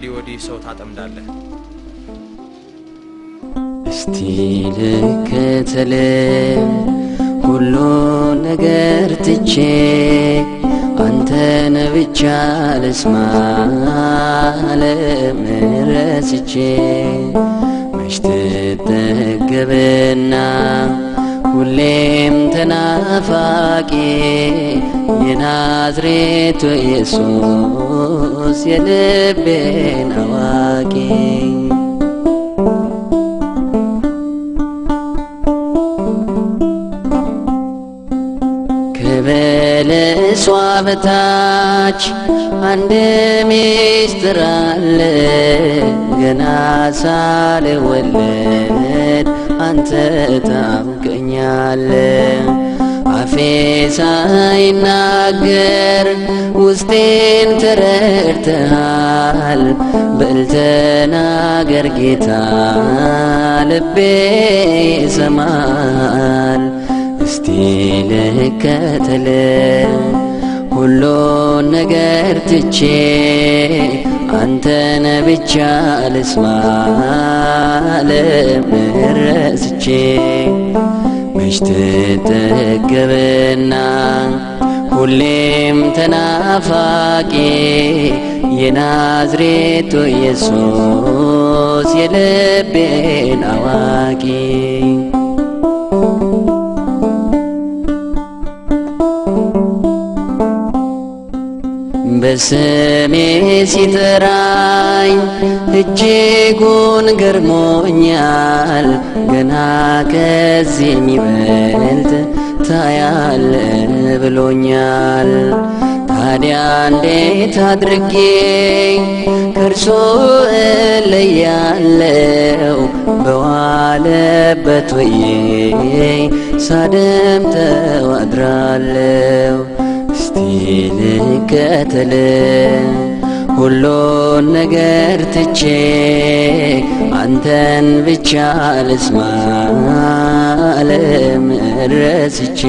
ከእንግዲህ ወዲህ ሰው ታጠምዳለህ። እስቲ ልከተል ሁሉ ነገር ትቼ አንተን ብቻ ልስማ ለምረስቼ መሽትጠገብና ሁሌም ተናፋቂ የናዝሬቱ ኢየሱስ የልቤን አዋቂ ከበለሷ በታች አንድ ሚስጥር አለ ገና ሳልወለድ አንተ ታውቀኛለ። አፌ ሳይናገር ውስጤን ተረድተሃል። በልተናገር ጌታ ልቤ ይሰማል። እስቲ ልከተል ሁሉን ነገር ትቼ አንተነ ብቻ ልስማ ለምረስቼ መሽት ተገብና ሁሌም ተናፋቂ የናዝሬቱ ኢየሱስ የልቤን አዋቂ በስሜ ሲጠራኝ እጅጉን ገርሞኛል። ገና ከዚህ የሚበልጥ ታያለ ብሎኛል። ታዲያ እንዴት አድርጌ ከእርሶ እለያለው? በዋለበት ወዬ ሳደምጠው አድራለው። ልከተል ሁሉን ነገር ትቼ አንተን ብቻ ልስማ ዓለምን ረስቼ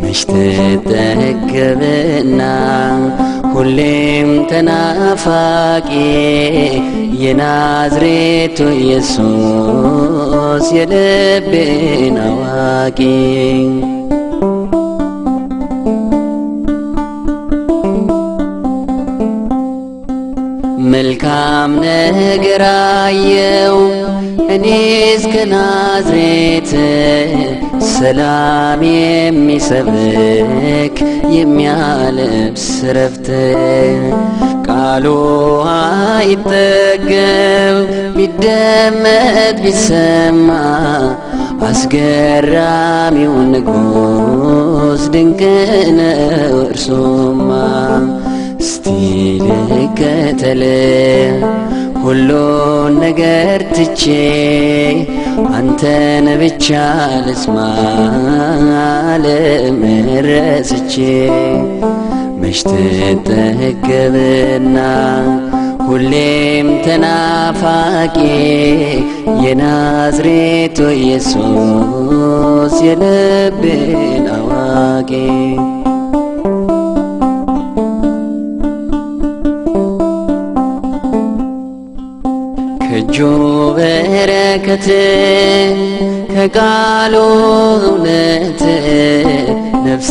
መች ትጠገብና ሁሌም ተናፋቂ የናዝሬቱ ኢየሱስ የልቤን አዋቂ እግራየው እኔ እስከ ናዝሬት ሰላም የሚሰብክ የሚያለብስ ረፍት ቃሉ አይጠገብ ቢደመጥ ቢሰማ አስገራሚው ንጉስ ድንቅ ነው እርሱማ እስቲ ልከተል ሁሉን ነገር ትቼ አንተን ብቻ ልስማ ለምረስቼ መሽት ጠገብና ሁሌም ተናፋቂ የናዝሬቱ ኢየሱስ የልብን አዋቂ በረከት ከቃሉ እውነት ነፍሴ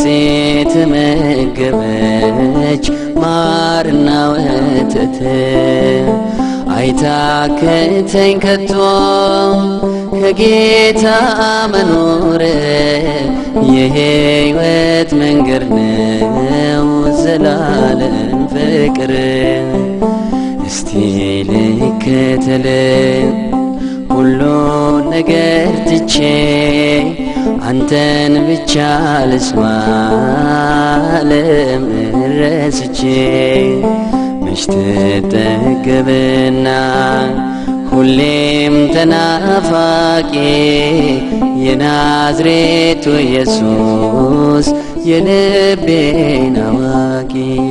ተመገበች ማርና ወተት አይታክተኝ ከቶ ከጌታ መኖር የሕይወት መንገድ ነው ዘላለም ፍቅር እስቲ ልከተለው ሁሉ ነገር ትቼ አንተን ብቻ ልስማ ለምረስቼ ምሽት ጠገብና ሁሌም ተናፋቂ የናዝሬቱ ኢየሱስ የልቤን አዋቂ